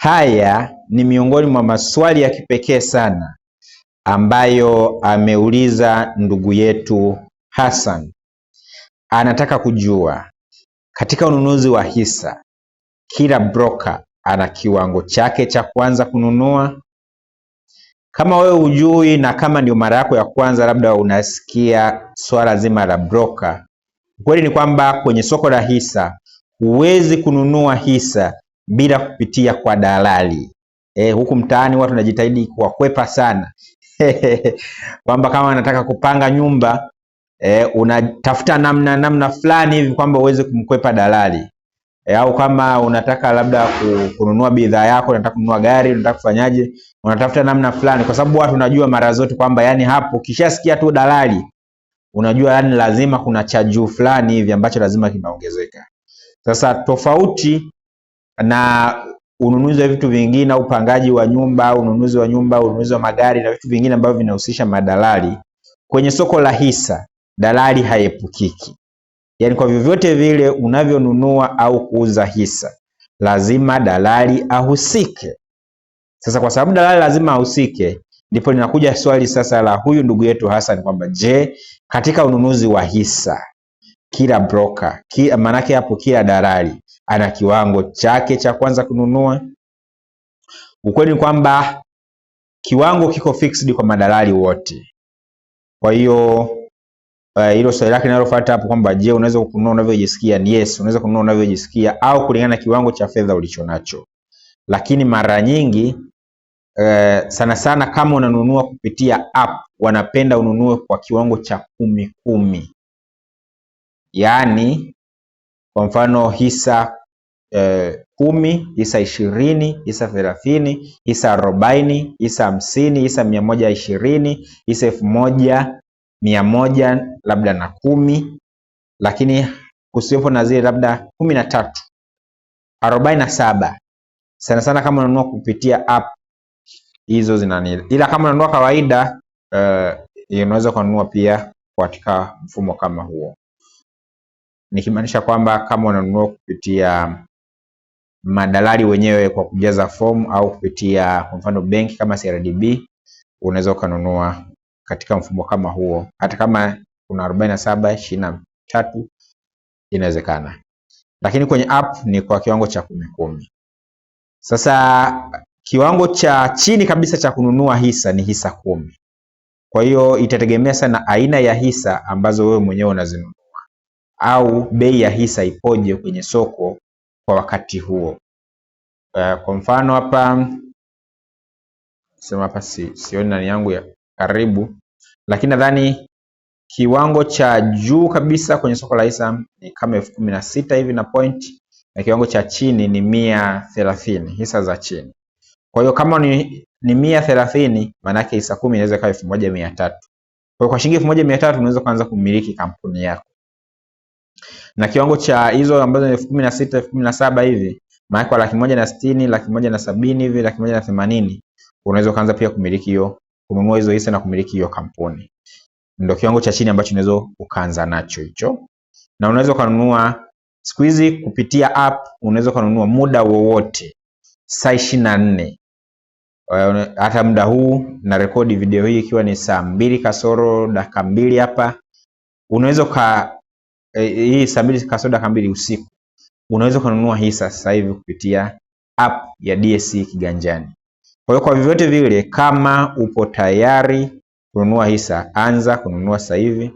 Haya ni miongoni mwa maswali ya kipekee sana ambayo ameuliza ndugu yetu Hassan. Anataka kujua katika ununuzi wa hisa, kila broker ana kiwango chake cha kuanza kununua. Kama wewe hujui na kama ndio mara yako ya kwanza, labda unasikia swala zima la broker, ukweli ni kwamba kwenye soko la hisa huwezi kununua hisa bila kupitia kwa dalali. E, huku mtaani watu tunajitahidi kuwakwepa sana kwamba kama anataka kupanga nyumba e, unatafuta namna namna fulani hivi kwamba uweze kumkwepa dalali e, au kama unataka labda kununua bidhaa yako, unataka kununua gari, unataka kufanyaje, unatafuta namna fulani, kwa sababu watu unajua mara zote kwamba yani hapo kishasikia tu dalali unajua yani lazima kuna chaju fulani hivi ambacho lazima kinaongezeka. Sasa tofauti na ununuzi wa vitu vingine, upangaji wa nyumba, ununuzi wa nyumba, ununuzi wa magari na vitu vingine ambavyo vinahusisha madalali. Kwenye soko la hisa, dalali haepukiki. Yaani kwa vyovyote vile unavyonunua au kuuza hisa, lazima dalali ahusike. Sasa kwa sababu dalali lazima ahusike, ndipo linakuja swali sasa la huyu ndugu yetu Hassan kwamba je, katika ununuzi wa hisa kila broker, kila manake hapo kila dalali ana kiwango chake cha kwanza kununua. Ukweli ni kwamba kiwango kiko fixed kwa madalali wote. Kwa hiyo eh, hilo uh, swali lake linalofuata hapo kwamba je, unaweza kununua unavyojisikia? Yes, unaweza kununua unavyojisikia au kulingana na kiwango cha fedha ulichonacho, lakini mara nyingi uh, sana sana kama unanunua kupitia app, wanapenda ununue kwa kiwango cha kumi kumi, yaani kwa mfano hisa eh, kumi, hisa ishirini, hisa thelathini, hisa arobaini, hisa hamsini, hisa mia moja ishirini, hisa elfu moja mia moja labda na kumi, lakini kusiwepo na zile labda kumi na tatu arobaini na saba sana sana kama unanunua kupitia app hizo zinani, ila kama unanunua kawaida uh, unaweza kununua pia katika mfumo kama huo, nikimaanisha kwamba kama unanunua kupitia madalali wenyewe kwa kujaza fomu au kupitia kwa mfano benki kama CRDB, unaweza ukanunua katika mfumo kama huo, hata kama kuna arobaini inawezekana, lakini kwenye app ni kwa kiwango cha kumi kumi. Sasa kiwango cha chini kabisa cha kununua hisa ni hisa kumi. Kwa hiyo itategemea sana aina ya hisa ambazo wewe mwenyewe unazinunua au bei ya hisa ipoje kwenye soko kwa wakati huo. Uh, kwa mfano hapa sema hapa si, sioni nani yangu ya karibu, lakini nadhani kiwango cha juu kabisa kwenye soko la hisa ni kama elfu kumi na sita hivi na point, na kiwango cha chini ni mia thelathini hisa za chini. Kwa hiyo kama ni, ni mia thelathini maana yake hisa kumi inaweza ikawa elfu moja mia tatu. Kwa hiyo kwa shilingi elfu moja mia tatu unaweza kuanza kumiliki kampuni yako na kiwango cha hizo ambazo ni elfu kumi na sita elfu kumi na saba hivi maana kwa laki moja na sitini laki moja na sabini hivi laki moja na themanini unaweza ukaanza pia kumiliki hiyo kununua hizo hisa na kumiliki hiyo kampuni ndio kiwango cha chini ambacho unaweza ukaanza nacho hicho na unaweza ukanunua siku hizi kupitia app unaweza ukanunua muda wowote saa ishirini na nne eh, hata muda huu na rekodi video hii ikiwa ni saa mbili kasoro dakika mbili hapa unaweza Eh, hii sabini kasoda kambili usiku, unaweza kununua hisa sasa hivi kupitia app ya DSC Kiganjani. Kwa hiyo kwa vyovyote vile, kama upo tayari kununua hisa, anza kununua sasa hivi.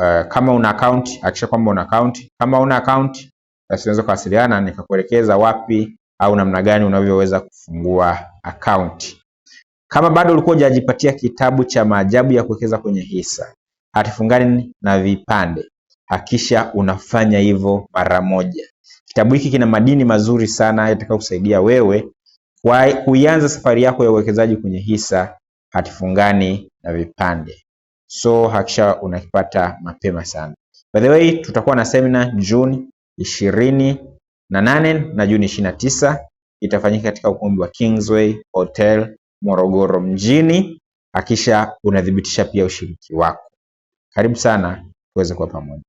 Uh, kama una account hakisha kwamba una account. Kama una account basi unaweza kuwasiliana nikakuelekeza wapi au namna gani unavyoweza kufungua account. Kama bado ulikuwa hujajipatia kitabu cha maajabu ya kuwekeza kwenye hisa, hatifungani na vipande hakisha unafanya hivyo mara moja. Kitabu hiki kina madini mazuri sana yatakayokusaidia wewe kuianza safari yako ya uwekezaji kwenye hisa hatifungani na vipande, so hakisha unakipata mapema sana. By the way, tutakuwa na seminar Juni ishirini na nane na Juni ishirini na tisa itafanyika katika ukumbi wa Kingsway Hotel Morogoro mjini. Hakisha unathibitisha pia ushiriki wako. Karibu sana tuweze kuwa pamoja.